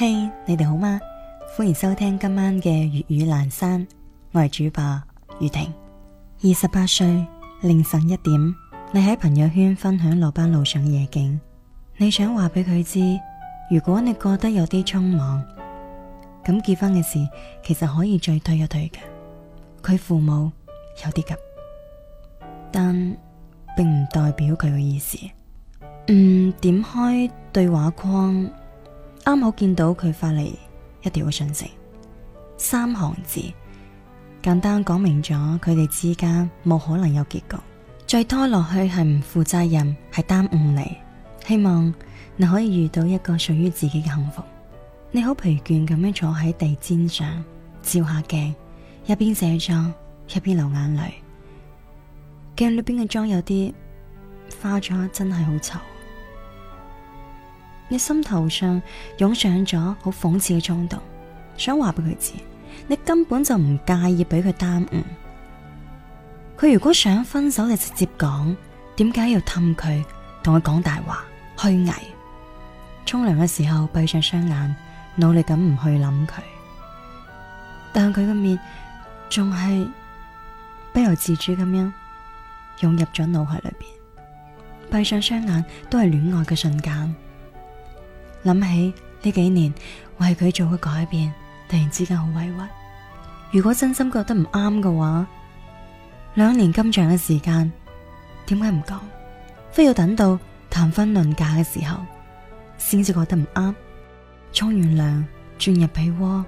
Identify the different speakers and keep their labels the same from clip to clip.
Speaker 1: 嘿，hey，你哋好嗎？歡迎收聽今晚嘅粵語闌山，我係主播雨婷。二十八歲凌晨一點，你喺朋友圈分享落班路上夜景，你想話俾佢知，如果你覺得有啲匆忙，咁結婚嘅事其實可以再推一推嘅。佢父母有啲急，但並唔代表佢嘅意思。嗯，點開對話框。啱好見到佢發嚟一條信息，三行字，簡單講明咗佢哋之間冇可能有結局，再拖落去係唔負責任，係耽誤你。希望你可以遇到一個屬於自己嘅幸福。你好疲倦咁樣坐喺地氈上，照下鏡，一邊卸妝一邊流眼淚，鏡裏邊嘅妝有啲花咗，真係好醜。你心頭上湧上咗好諷刺嘅衝動，想話俾佢知，你根本就唔介意俾佢耽誤。佢如果想分手，就直接講，點解要氹佢？同佢講大話，虛偽。沖涼嘅時候，閉上雙眼，努力咁唔去諗佢。但佢個面仲係不由自主咁樣湧入咗腦海裏邊。閉上雙眼都係戀愛嘅瞬間。諗起呢幾年為佢做嘅改變，突然之間好委屈。如果真心覺得唔啱嘅話，兩年咁長嘅時間，點解唔講，非要等到談婚論嫁嘅時候，先至覺得唔啱？沖完涼，鑽入被窩，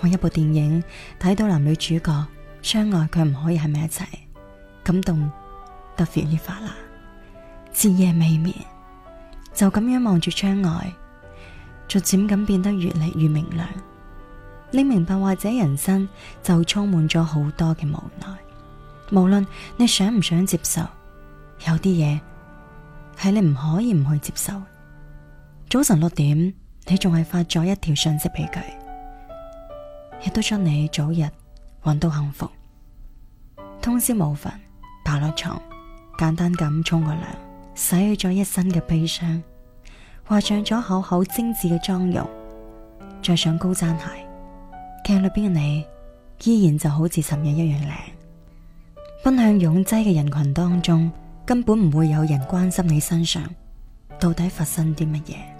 Speaker 1: 看一部電影，睇到男女主角相愛卻唔可以喺埋一齊，感動得 feel 翻啦。徹夜未眠，就咁樣望住窗外。逐漸咁變得越嚟越明亮，你明白或者人生就充滿咗好多嘅無奈，無論你想唔想接受，有啲嘢係你唔可以唔去接受。早晨六點，你仲係發咗一條信息俾佢，亦都祝你早日揾到幸福。通宵冇瞓，爬落床，簡單咁沖個涼，洗去咗一身嘅悲傷。畫上咗厚厚精緻嘅妝容，着上高踭鞋，鏡裏邊嘅你依然就好似尋日一樣靚。奔向擁擠嘅人群當中，根本唔會有人關心你身上到底發生啲乜嘢。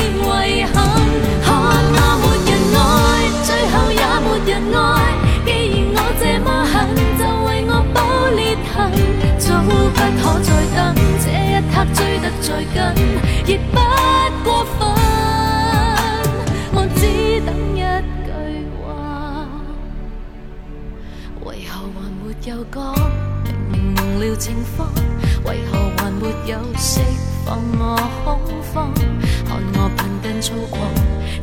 Speaker 2: 為何還沒有講？明明明了情況，為何還沒有釋放我恐慌？看我頻頻粗狂，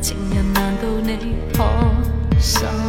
Speaker 2: 情人難道你妥當？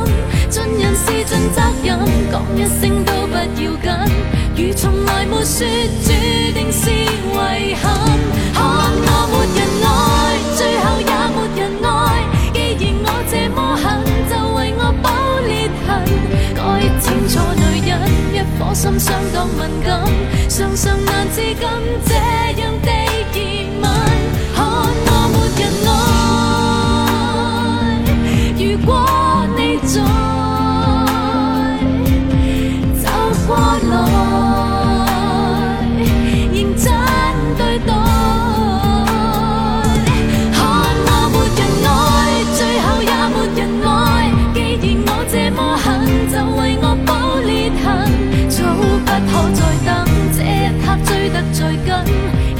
Speaker 2: 心相當敏感，常常難自禁這樣。